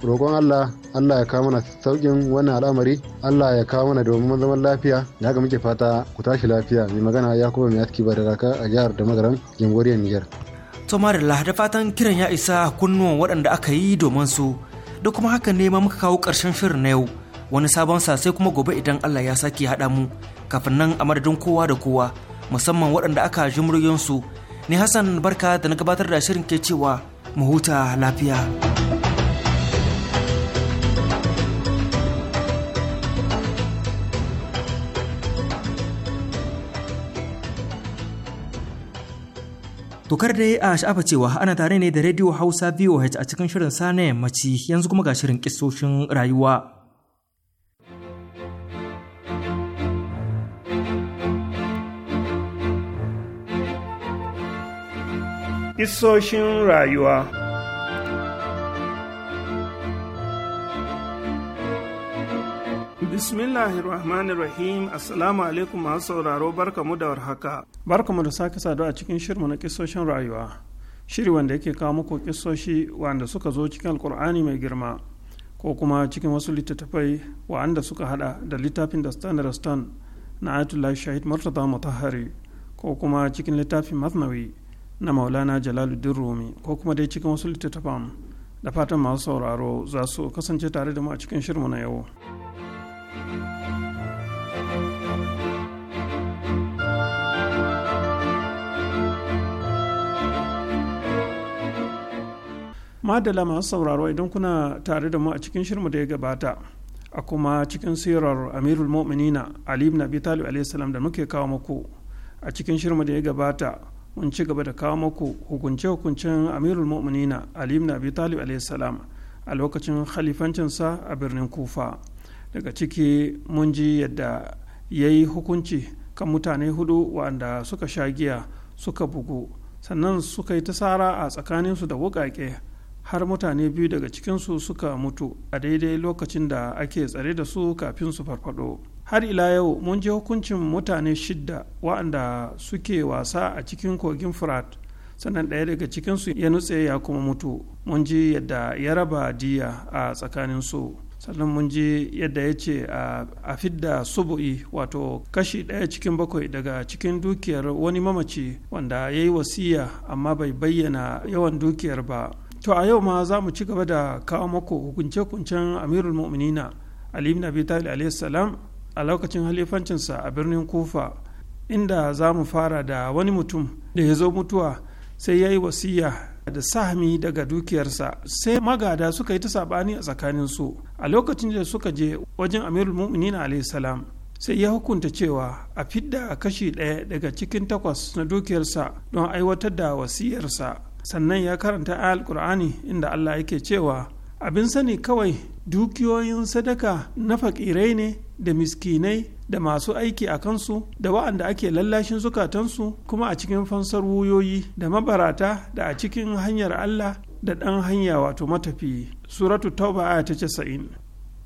roƙon Allah Allah ya kawo mana sauƙin wannan al'amari Allah ya kawo mana domin zama lafiya da ga muke fata ku tashi lafiya mai magana ya kuma mai aski ba da raka a jihar da magaran jamhuriyar Niger. To Marilla da fatan kiran ya isa kunnuwan waɗanda aka yi domin su da kuma haka ne ma muka kawo ƙarshen shirin na yau wani sabon sa sai kuma gobe idan Allah ya sake haɗa mu kafin nan a madadin kowa da kowa musamman waɗanda aka ji muryoyinsu ni Hassan barka da na gabatar da shirin ke cewa mu huta lafiya. Tokar dai a sha'afa cewa ana tare ne da rediyo Hausa VOH a cikin shirin sane mace yammaci yanzu kuma ga shirin kisoshin rayuwa. Isoshin rayuwa Bismillahirrahmanirrahim Assalamu alaikum masu sauraro barka barkamu da warhaka. mu da sake saduwa a cikin shirmu na kisoshin rayuwa. Shiri wanda yake kawo muku kisoshi wanda suka zo cikin alkur'ani mai girma ko kuma cikin wasu littattafai wa'anda suka hada da littafin da standard stone na Ayatollah Shahid Murtaza Mutahari ko kuma cikin littafin Masnawi na maulana jalaluddin rumi ko kuma dai cikin wasu littattafan da fatan masu sauraro za su kasance tare da mu a cikin shirmu na yau. madala masu sauraro idan kuna tare da mu a cikin shirmu da ya gabata a kuma cikin sirar amirul mu'minina ali ibn abi talib salam da muke kawo muku a cikin shirmu da ya gabata mun ci gaba da kawo muku hukunce-hukuncen amirul mu'minina ali ibn abi talib salam a lokacin khalifancinsa a birnin kufa daga ciki mun ji yadda ya yi hukunci kan mutane hudu waɗanda suka sha giya suka bugu sannan suka yi ta sara a tsakaninsu da wuƙaƙe har mutane biyu daga cikinsu suka mutu a daidai lokacin da ake tsare da su kafin su farfado har ila yau mun ji hukuncin mutane shidda wa'anda suke wasa a cikin kogin furat sannan ɗaya daga cikinsu ya nutse ya kuma mutu mun ji yadda ya raba diya a tsakaninsu sannan mun ji yadda ya ce a fidda subu'i wato kashi ɗaya cikin bakwai daga cikin dukiyar wani mamaci wanda ya yi wasiya amma bai bayyana yawan dukiyar ba to a yau ma za mu ci gaba da kawo mako hukunce-hukuncen amirul mu'minina ali ibn abi talib salam a lokacin halifancinsa a birnin kufa inda za mu fara da wani mutum da ya zo mutuwa sai ya yi wasiya da sahmi daga dukiyarsa sai magada suka yi ta sabani a tsakaninsu a lokacin da suka je wajen amirul mu'minin alayhi salam sai ya hukunta cewa a fidda kashi ɗaya daga cikin takwas na dukiyarsa don aiwatar da wasiyarsa sannan ya karanta alkur'ani inda allah yake cewa abin sani kawai dukiyoyin sadaka na fakirai ne da miskinai da masu aiki a kansu da wa'anda ake lallashin zukatansu kuma a cikin fansar wuyoyi da mabarata da a cikin hanyar Allah da ɗan hanya wato matafi suratu tauba aya ta casa'in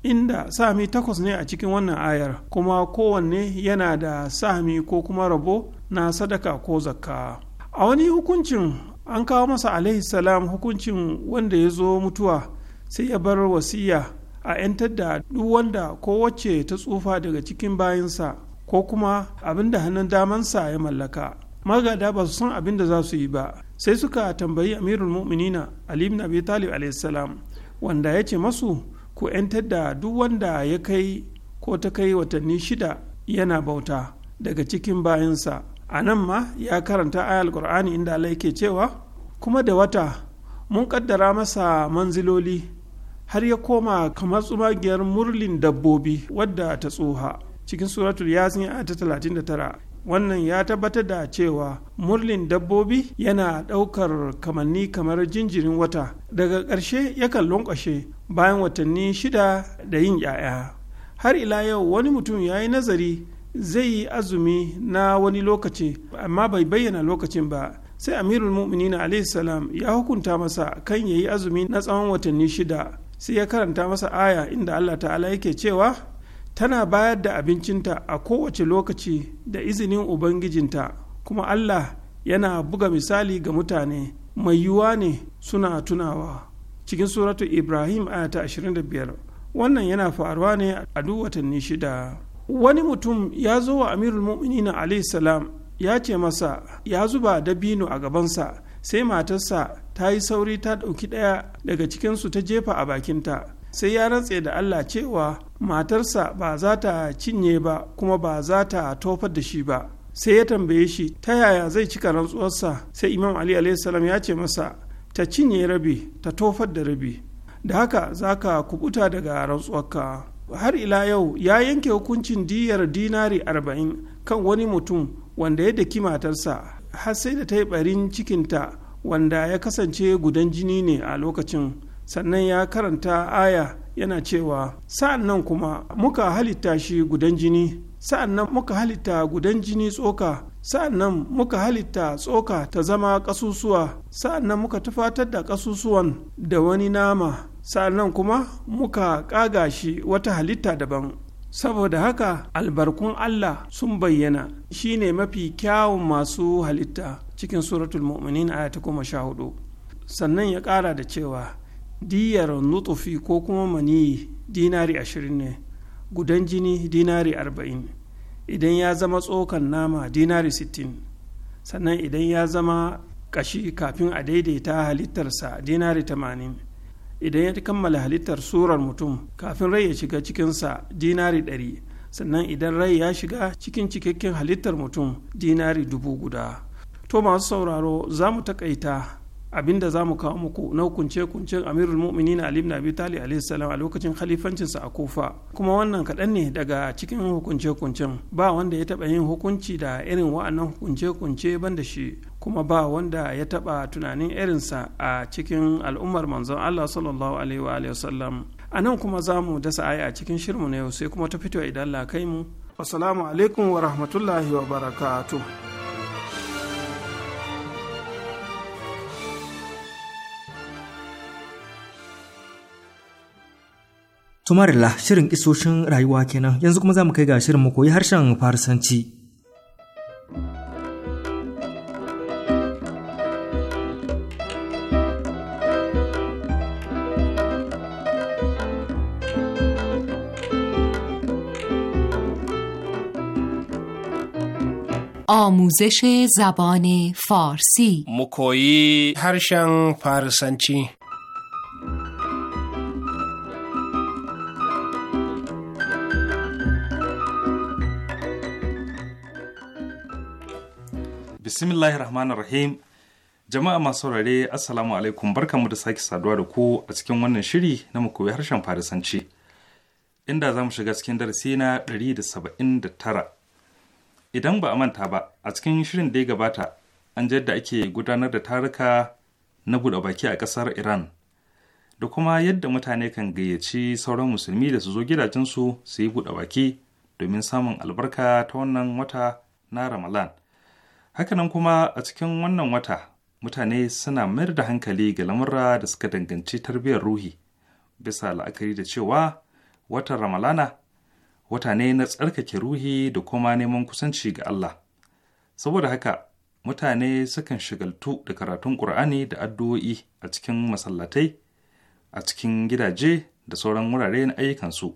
inda sami takwas ne a cikin wannan ayar kuma kowanne yana da sami ko kuma rabo na sadaka ko zakka a wani hukuncin an kawo masa alaihi salam hukuncin wanda ya zo mutuwa sai ya bar wasiya a 'yantar da duk wanda ko wacce ta tsufa daga cikin bayansa ko kuma abin da hannun damansa ya mallaka magada ba su san abin da za su yi ba sai suka tambayi amirul mu'minina ali ibn abi talib alaihissalam wanda ya ce masu ku 'yantar da duk wanda ya kai ko ta kai watanni shida yana bauta daga cikin bayansa a nan ma ya karanta ayal qur'ani inda Allah yake cewa kuma da wata mun kaddara masa manziloli har ya koma kamar tsumagiyar murlin dabbobi wadda ta tsoha cikin suratul yasin a ta 39 wannan ya tabbatar da cewa murlin dabbobi yana ɗaukar kamanni kamar jinjirin wata daga ƙarshe yakan lankwashe bayan watanni shida da yin 'ya'ya har ila yau wani mutum ya yi nazari zai yi azumi na wani lokaci amma bai bayyana lokacin ba sai amirul mu'minin salam ya hukunta masa kan ya yi azumi na tsawon watanni shida sai ya karanta masa aya inda allah ta'ala yake cewa tana bayar da abincinta a kowace lokaci da izinin ubangijinta kuma allah yana buga misali ga mutane mai yiwuwa ne suna tunawa cikin suratu ibrahim aya ta 25 wannan yana faruwa ne a duk watanni shida wani mutum ya zo wa amirul mu'minina salam ya ce masa ya zuba dabino a gabansa sai matarsa ta yi sauri ta ɗauki ɗaya daga cikinsu ta jefa a bakinta sai ya rantse da allah cewa matarsa ba za ta cinye ba kuma ba za ta tofar da shi ba sai ya tambaye shi ta yaya zai cika rantsuwarsa sai imam ali salam ya ce masa ta cinye rabi ta tofar da rabi da haka za ka kubuta daga rantsuwarka har ila yau ya yanke hukuncin diyar dinari arba'in kan wani mutum wanda ya daki matarsa har sai da ta yi barin cikinta wanda ya kasance gudan jini ne a lokacin sannan ya karanta aya yana cewa sa'an nan kuma muka halitta shi gudan jini sa'an nan muka halitta gudan jini tsoka sa'an nan muka halitta tsoka ta zama ƙasusuwa sa'an nan muka tufatar da ƙasusuwan da wani nama sa'an nan kuma muka ƙaga shi wata halitta daban saboda haka albarkun allah sun bayyana shi ne mafi kyawun masu halitta cikin suratul mu'minin aya ta goma sha hudu sannan ya kara da cewa diyar nutufi ko kuma maniyi dinari ashirin ne gudan jini dinari arba'in idan ya zama tsokan nama dinari sittin sannan idan ya zama kashi kafin a daidaita halittarsa dinari tamanin idan ya kammala halittar surar mutum kafin rai ya shiga cikinsa dinari ɗari sannan idan rai ya shiga cikin cikakken halittar mutum dinari dubu guda to masu sauraro za mu takaita da za mu kawo muku na hukunce hukuncen amirul mu'minin ali ibn abi talib alayhi salam a lokacin khalifancinsa a kufa kuma wannan kaɗan ne daga cikin hukunce hukuncen ba wanda ya taɓa yin hukunci da irin wa'annan hukunce hukunce da shi kuma ba wanda ya taɓa tunanin irinsa a cikin al'ummar manzon allah sallallahu alaihi wa wasallam a nan kuma za mu dasa aya a cikin shirmu na yau sai kuma ta fito idan la kai mu assalamu alaikum wa rahmatullahi wa barakatuh Tumarila shirin isoshin rayuwa kenan yanzu kuma za mu kai ga shirin mu koyi harshen Farisanci. آموزش زبان فارسی مکویی هرشن فارسنچی Bismillahirrahmanirrahim. jama'a masu saurare assalamu alaikum barkanmu da sake saduwa da ku a cikin wannan shiri na mu koyi harshen farisanci inda za mu shiga cikin darasi na 179 idan ba a manta ba a cikin shirin da ya gabata an jadda ake gudanar da taruka na buɗe baki a ƙasar iran da kuma yadda mutane kan gayyaci sauran musulmi da su zo gidajensu su yi buɗe baki domin samun albarka ta wannan wata na ramadan Hakanan kuma a cikin wannan wata mutane suna mayar da hankali ga lamura da suka danganci tarbiyyar ruhi bisa la'akari da cewa watan Ramalana wata ne na tsarkake ruhi da kuma neman kusanci ga Allah. Saboda haka mutane sukan shigaltu da karatun Ƙur'ani da addu'o'i a cikin masallatai, a cikin gidaje da sauran wurare na ayyukansu.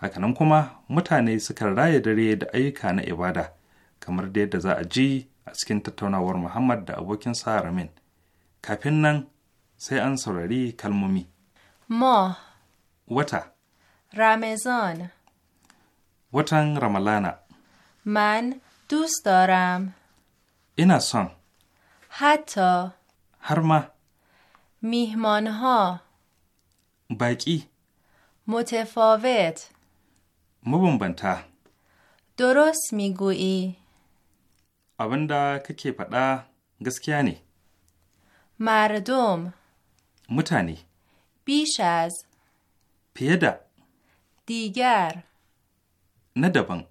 Hakanan kuma mutane sukan raye dare da ayyuka na ibada, kamar da yadda za a ji a cikin tattaunawar Muhammad da abokinsa Ramin. Kafin nan sai an saurari kalmomi. Mo. Wata. Ramazan. Watan Ramalana. Man dustaram. Ina son. Hata. حتی. هر ما. میهمان Baƙi. متفاوت. مبنبنتا. درست da kake faɗa gaskiya ne. Maradum. Mutane. Bishaz. Fiye da. Digar. Na daban.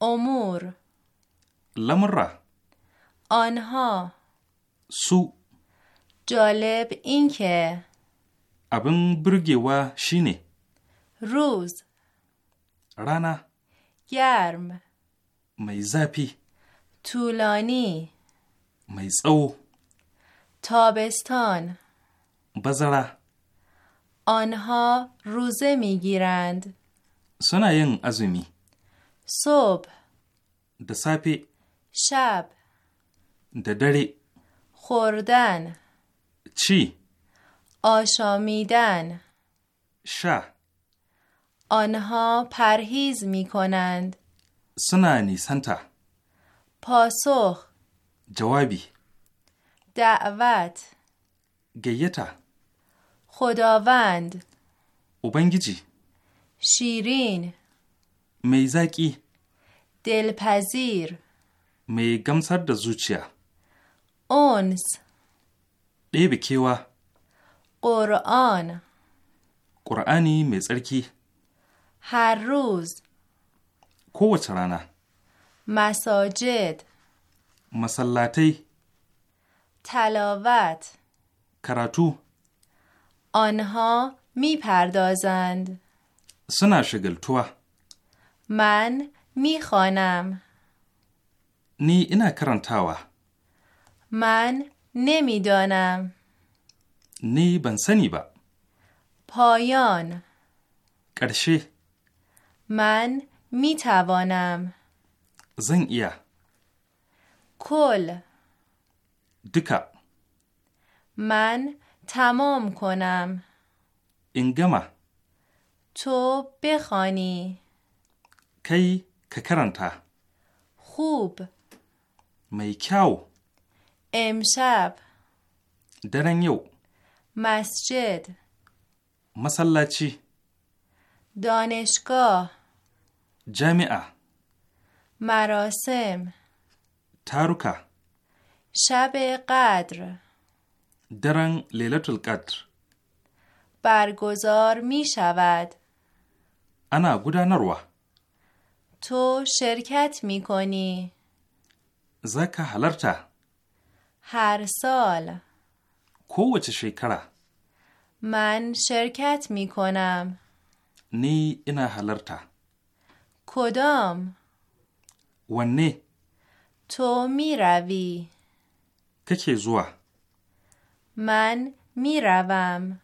Omur. Lamurra. Anha. Su. Jalib inke. Abin burgewa shine. Rose. Rana. Yarm. Mai zafi. طولانی mai او تابستان بزرا آنها روزه میگیرند سونا ین ازومی صبح د شب ددری خوردن چی آشامیدن شا آنها پرهیز میکنند کنند نیسنته پاسخ جوابی دعوت گیتا خداوند اوبنگیجی شیرین میزاکی دلپذیر می گمسر دا زوچیا اونس ɗebe kewa ƙur'an ƙur'ani mai tsarki haruz kowace rana مساجد مسلاتی تلاوت کراتو آنها میپردازند سنا شگل تو من می میخوانم نی اینا کرانتاوا من نمیدانم نی بنسنی با پایان کرشه من می توانم زن ایا کل دکه من تمام کنم انگمه تو بخوانی کی ککرانتا خوب میکاو امشب درن مسجد مسلاچی دانشگاه جمعه مراسم تاروکا شب قدر درن لیلت القدر برگزار می شود انا نروه تو شرکت می کنی زکا حلرتا هر سال کووچه شیکره من شرکت می کنم نی اینا حلرتا کدام ونه تو می روی ککی زوا من می روم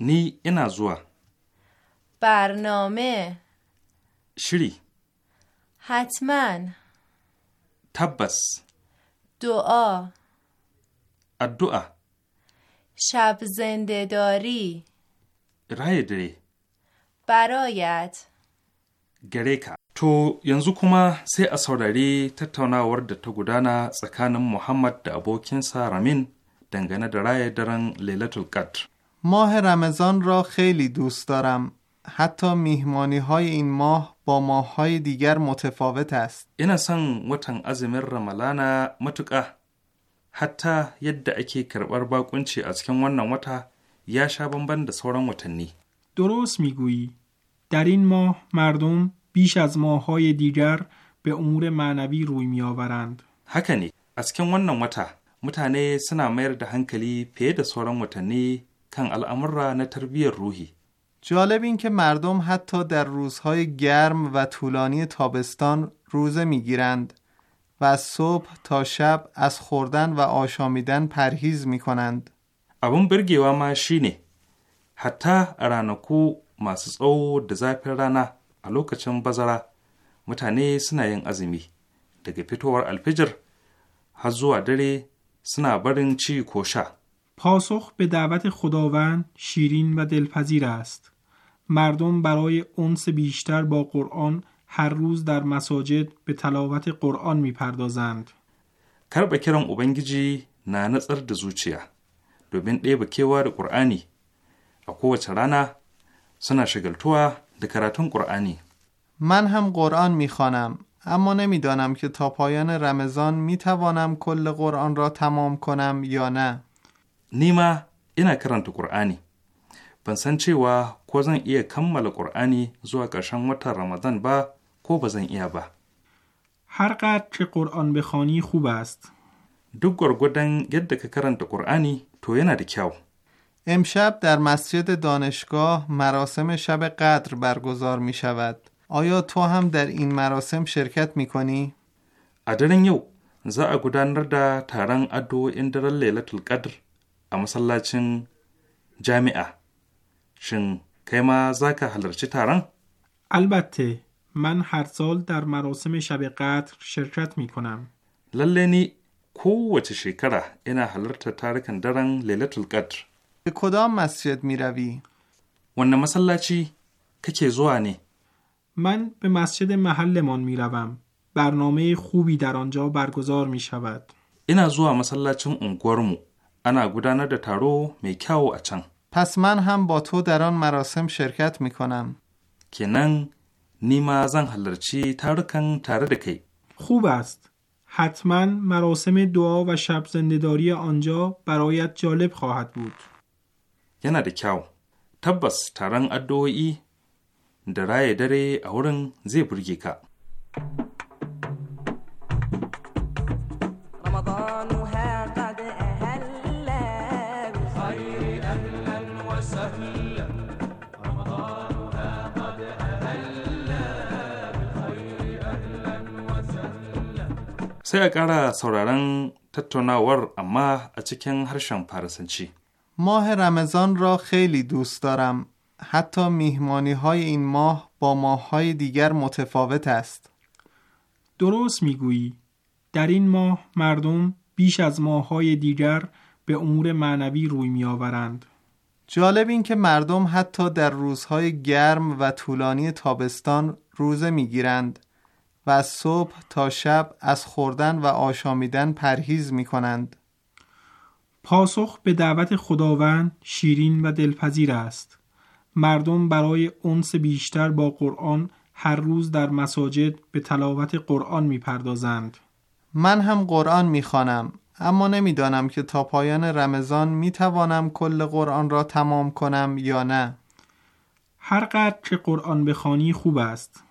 نی اینا زوا برنامه شری حتما تبس دعا الدعا شب زنده داری رای داری برایت گریکا To yanzu kuma sai a saurari tattaunawar da ta gudana tsakanin Muhammad da abokinsa Ramin dangane da raya daren Lailatul Qadr. Mahi Ramazan ra khali dustaram, hatta mihmani in mah ba digar متفاوت Ina son watan azumin Ramalana matuƙa, hatta yadda ake karɓar bakunci a cikin wannan wata ya sha bamban da sauran watanni. درست میگویی در این ماه بیش از ماههای دیگر به امور معنوی روی می آورند. هکنی از کن ونن وتا متانه سنا میر ده هنکلی پید سوران کن الامر روحی جالب این که مردم حتی در روزهای گرم و طولانی تابستان روزه گیرند و از صبح تا شب از خوردن و آشامیدن پرهیز می کنند. ابون برگی و ماشینه. حتی رانکو masu او دزای zafin a lokacin bazara mutane suna yin azumi دگه fitowar alfijir har zuwa dare suna barin ci ko sha. پاسخ به دعوت خداوند شیرین و دلپذیر است. مردم برای اونس بیشتر با قرآن هر روز در مساجد به تلاوت قرآن میپردازند پردازند. کرب کرم اوبنگیجی نه نصر دزوچیا. دوبین دیب کیوار قرآنی. اکو و چرانا سنا شگل توه قرآنی من هم قرآن می اما نمیدانم که تا پایان رمضان می توانم کل قرآن را تمام کنم یا نه نیما اینا کرن قرآنی بنسان و کوزن ایه کمال قرآنی زو اکشم و رمضان با کو بزن ایه با هر قد چه قرآن بخوانی خوب است دو گدن گد که کرن قرآنی تو یه امشب در مسجد دانشگاه مراسم شب قدر برگزار می شود. آیا تو هم در این مراسم شرکت می کنی؟ ادرین یو زا اگودانر دا تاران ادو اندر لیلت القدر اما سلاچن جامعه شن کما زا که تاران؟ البته من هر سال در مراسم شب قدر شرکت می کنم للینی کو وچه شکره اینا تا تارکن دران لیلت القدر به کدام مسجد می روی؟ ونه مسلچی که زوانه من به مسجد محلمان می روم. برنامه خوبی در آنجا برگزار می شود. اینا زوا اون انگورمو. انا گودانه ده تارو می کیاو اچن. پس من هم با تو در آن مراسم شرکت می کنم. کنن نیما زن حلرچی تارکن تاره خوب است. حتما مراسم دعا و شب زندهداری آنجا برایت جالب خواهد بود. yana da kyau tabbas taron addu'o'i da raye dare a wurin zai burge ka sai a ƙara sauraron tattaunawar amma a cikin harshen farasanci. ماه رمضان را خیلی دوست دارم حتی میهمانی های این ماه با ماه های دیگر متفاوت است درست میگویی در این ماه مردم بیش از ماه های دیگر به امور معنوی روی میآورند جالب این که مردم حتی در روزهای گرم و طولانی تابستان روزه گیرند و صبح تا شب از خوردن و آشامیدن پرهیز می کنند. پاسخ به دعوت خداوند شیرین و دلپذیر است مردم برای انس بیشتر با قرآن هر روز در مساجد به تلاوت قرآن می پردازند. من هم قرآن می خانم. اما نمیدانم که تا پایان رمضان می توانم کل قرآن را تمام کنم یا نه هر قدر که قرآن بخوانی خوب است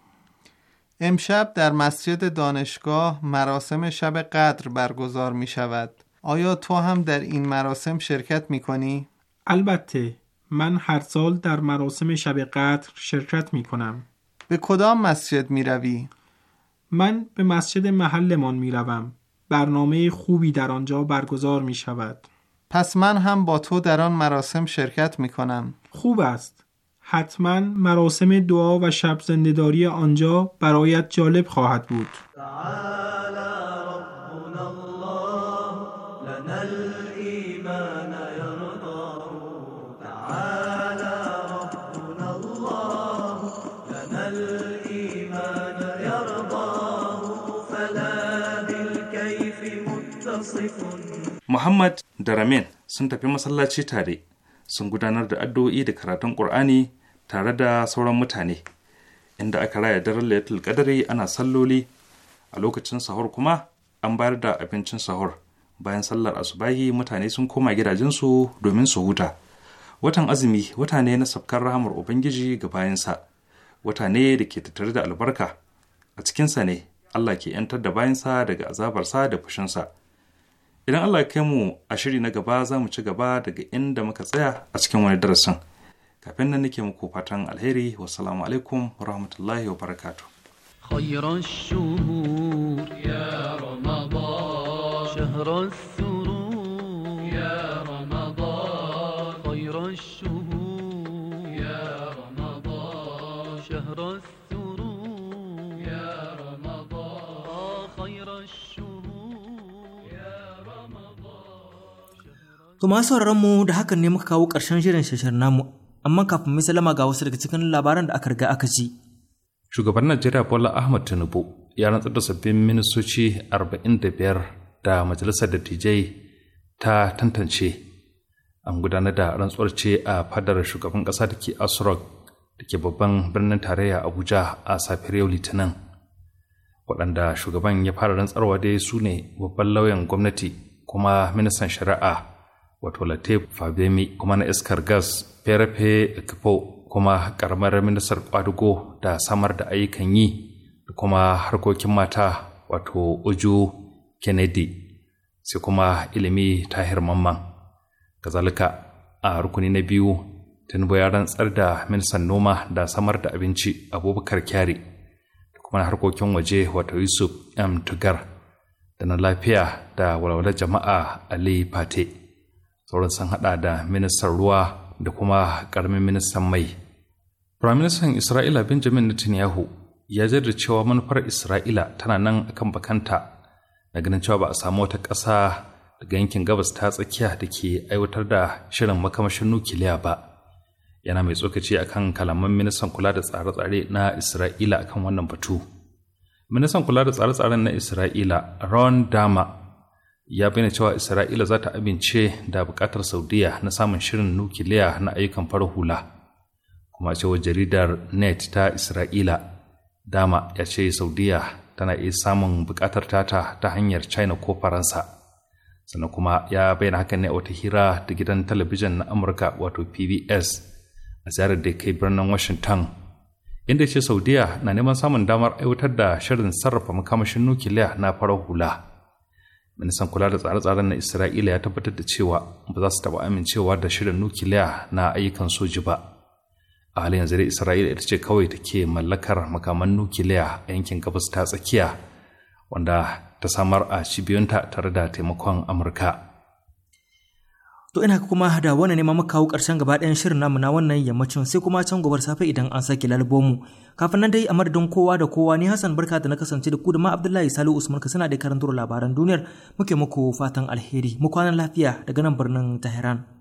امشب در مسجد دانشگاه مراسم شب قدر برگزار می شود آیا تو هم در این مراسم شرکت می کنی؟ البته من هر سال در مراسم شب قدر شرکت می کنم به کدام مسجد می روی؟ من به مسجد محلمان می روم برنامه خوبی در آنجا برگزار می شود پس من هم با تو در آن مراسم شرکت می کنم خوب است حتما مراسم دعا و شب زندهداری آنجا برایت جالب خواهد بود Muhammad da Ramin sun tafi masallaci tare, sun gudanar da addu'o'i da karatun Ƙur'ani tare da sauran mutane, inda aka raya daren Lailatul kadari ana salloli, a lokacin sahur kuma an bayar da abincin sahur. Bayan sallar asubahi mutane sun koma gidajensu domin su huta. Watan azumi wata ne na sabkar rahamar Ubangiji ga bayansa, wata ne da ke tattare da albarka, a cikinsa ne Allah ke ‘yantar da bayansa daga azabarsa da fushinsa. idan allah kai mu a shiri na gaba za mu ci gaba daga inda muka tsaya a cikin wani darasin kafin nan nake muku fatan alheri wasalamu alaikum wa rahmatullahi wa barakatu khayran shuhur ya ramadan To masu mu da hakan ne muka kawo ƙarshen shirin shashar namu, amma kafin mai salama ga wasu daga cikin labaran da aka riga aka ji. Shugaban Najeriya Bola Ahmad Tinubu ya rantsar da sabbin ministoci arba'in da biyar da majalisar da dattijai ta tantance. An gudanar da rantsuwar ce a fadar shugaban ƙasa da ke Asurok da ke babban birnin tarayya Abuja a safiyar yau Litinin. Waɗanda shugaban ya fara rantsarwa dai su ne babban lauyan gwamnati kuma ministan shari'a wato latif fabemi kuma na iskar gas ferefe kipo kuma karamar ministar kwadugo da samar da ayyukan yi da kuma harkokin mata wato uju kennedy sai kuma ilimi tahir mamman kazalika a rukuni na biyu tinubu ya rantsar da ministan noma da samar da abinci abubakar kyari da kuma harkokin waje wato yusuf m tugar da na lafiya da walwalar jama'a ali fate sauran sun hada da ministan ruwa da kuma karamin ministan mai firaministan isra'ila benjamin netanyahu ya da cewa manufar isra'ila tana nan akan bakanta na ganin cewa ba a samu wata ƙasa daga yankin gabas ta tsakiya da ke aiwatar da shirin makamashin nukiliya ba yana mai tsokaci akan kalaman ministan kula da tsare-tsare na isra'ila akan wannan batu ministan kula da tsare-tsaren na isra'ila ron dama ya bayyana cewa isra'ila za ta amince da bukatar saudiya na samun shirin nukiliya na ayyukan farar hula kuma cewa jaridar net ta isra'ila dama ya ce saudiya tana iya samun bukatar tata ta hanyar china ko faransa sannan kuma ya bayyana hakan ne a wata hira da gidan talabijin na amurka wato pbs a ziyarar da kai birnin washington inda ce saudiya na neman samun damar aiwatar da shirin sarrafa makamashin nukiliya na farar hula ministan kula da tsare-tsaren na isra'ila ya tabbatar da cewa ba za su taɓa amincewa da shirin nukiliya na ayyukan soji ba a halin yanzu dai isra'ila ita ce kawai ke mallakar makaman nukiliya a yankin gabas ta tsakiya wanda ta samar a cibiyunta tare da taimakon amurka To ina kuma da wannan ne ma muka kawo ƙarshen gaba ɗayan shirin namu na wannan yammacin sai kuma can gobar safe idan an sake lalbomu. Kafin nan dai a madadin kowa da kowa ni Hassan Barka da na kasance da ku da ma Abdullahi Salihu Usman ka suna da karantar labaran duniyar muke muku fatan alheri mu kwanan lafiya daga nan birnin Tehran.